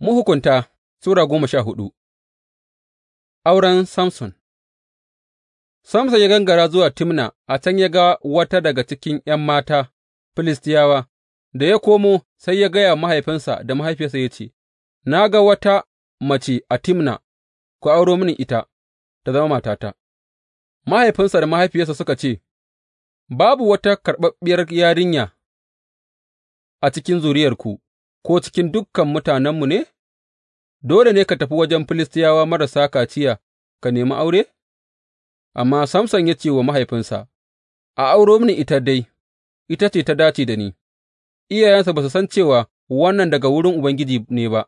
Mahukunta Sura goma sha hudu Auren Samson Samson ya gangara zuwa Timna, a can ya ga wata daga cikin ’yan mata Filistiyawa, da ya komo sai ya gaya mahaifinsa da mahaifiyarsa ya ce, Na ga wata mace a Timna, ku auro mini ita, ta zama matata. Mahaifinsa da mahaifiyarsa suka ce, Babu wata karɓaɓɓiyar yarinya a cikin zuriyarku. ko cikin dukan mutanenmu ne, dole ne ka tafi wajen Filistiyawa marasa kaciya ka nemi aure? Amma Samson ya ce wa mahaifinsa, A auro mini ita dai, ita ce ta dace da ni, iyayensa ba su san cewa wannan daga wurin Ubangiji ne ba,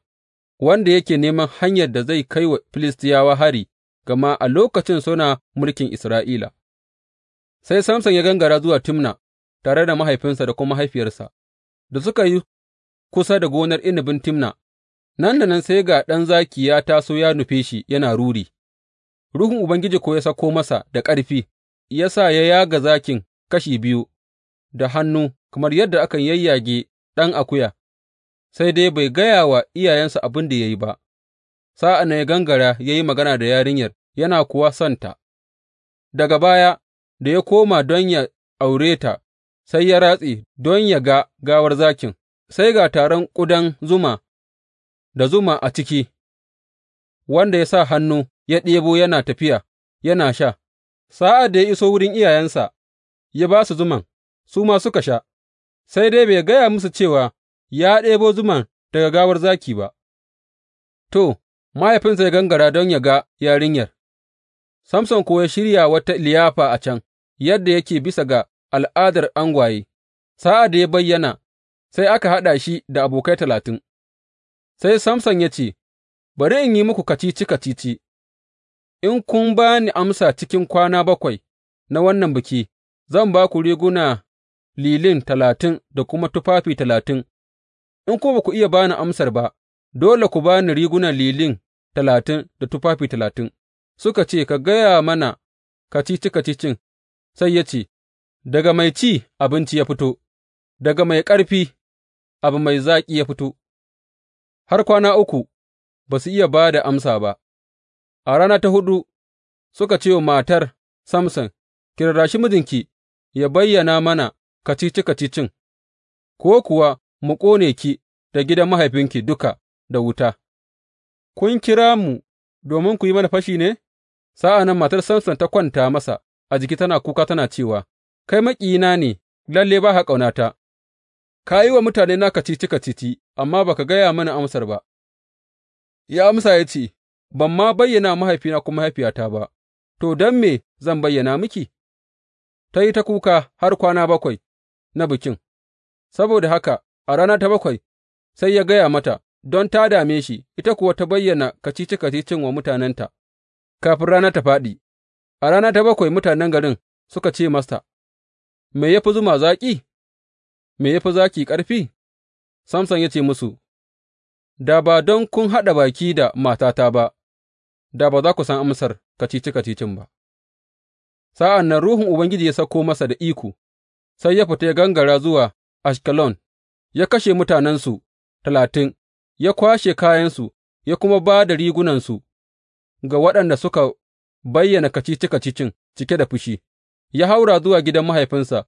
wanda yake neman hanyar da zai kai wa Filistiyawa hari, gama a lokacin suna mulkin Isra'ila. Sai Samson ya gangara zuwa Timna tare da mahaifinsa da kuma mahaifiyarsa, da suka yi kusa da gonar inabin Timna, nan da nan sai ga ɗan zaki ya taso ya nufe shi yana ruri, Ruhun Ubangiji ko ya sako masa da ƙarfi, ya sa ya yaga zakin kashi biyu da hannu kamar yadda akan yayyage ɗan akuya, sai dai bai gaya wa iyayensa abin da ya yi ba, sa'an na ya gangara ya yi magana da yarinyar yana kuwa santa. Daga baya, da ya koma don ya aure ta, sai ya ratse don ya ga gawar zakin. sai ga taron ƙudan zuma da zuma a ciki, wanda ya sa hannu ya ɗebo yana tafiya, yana sha, sa'ad da ya iso wurin iyayensa, ya ba su zuman, su ma suka sha, sai dai bai gaya musu cewa ya ɗebo zuman daga gawar zaki ba. To, mahaifinsa ya gangara don ya ga yarinyar, Samson kuwa ya shirya wata liyafa a can, yadda yake bisa ga al'adar angwaye, sa'ad da ya bayyana. sai aka haɗa shi da abokai talatin, sai Samson ya ce, Bari in yi muku kacici kacici, in kun ba ni amsa cikin kwana bakwai na wannan biki, zan ba ku riguna lilin talatin da kuma tufafi talatin, in kuma ba ku iya ba ni amsar ba, dole ku ba ni riguna lilin talatin da tufafi talatin. Suka ce, Ka gaya mana kacici kacicin, sai ya ce, Daga mai ci abinci ya fito, daga mai ƙarfi abu mai zaƙi ya fito, har kwana uku ba su iya ba da amsa ba, a rana ta hudu suka ce wa matar Samson, Kirarashi mijinki ya bayyana mana kacici kacicin, ko kuwa mu ƙone ki da gidan mahaifinki duka da wuta, kun kira mu domin ku yi mana fashi ne? Sa'an nan matar Samson ta kwanta masa a jiki tana kuka tana cewa, Kai maƙina ne, lalle ba ka ƙaunata, Ka yi wa mutane mutanena kacici kacici, amma ba ka gaya mini amsar ba, ya amsa ya ce, Ban ma bayyana mahaifina ko mahaifiyata ba, to, don me zan bayyana miki? Ta yi ta kuka har kwana bakwai na bikin, saboda haka a rana ta bakwai sai ya gaya mata, don ta dame shi, ita kuwa ta bayyana kacici kacicin wa mutanenta, kafin rana ta faɗi. A rana ta bakwai mutanen garin suka ce masa, Me ya fi zuma zaƙi? Me ya fi zaki ƙarfi? Samson ya ce musu, Da ba don kun haɗa baki da matata ba, da ba za ku san amsar kacici kacicin ba. Sa'an nan Ruhun Ubangiji ya sauko masa da iko, sai ya fita ya gangara zuwa Ashkelon, ya kashe mutanensu talatin, ya kwashe kayansu, ya kuma ba da rigunansu ga waɗanda suka bayyana kacici kacicin cike da fushi, ya haura zuwa gidan mahaifinsa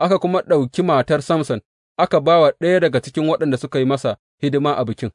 aka kuma ɗauki matar Samson aka ba wa ɗaya daga cikin waɗanda suka yi masa hidima a bikin.